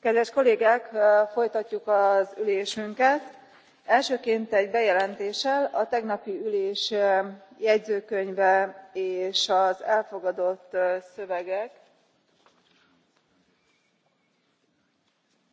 kedves kollégák folytatjuk az ülésünket. elsőként egy bejelentéssel a tegnapi ülés jegyzőkönyve és az elfogadott szövegek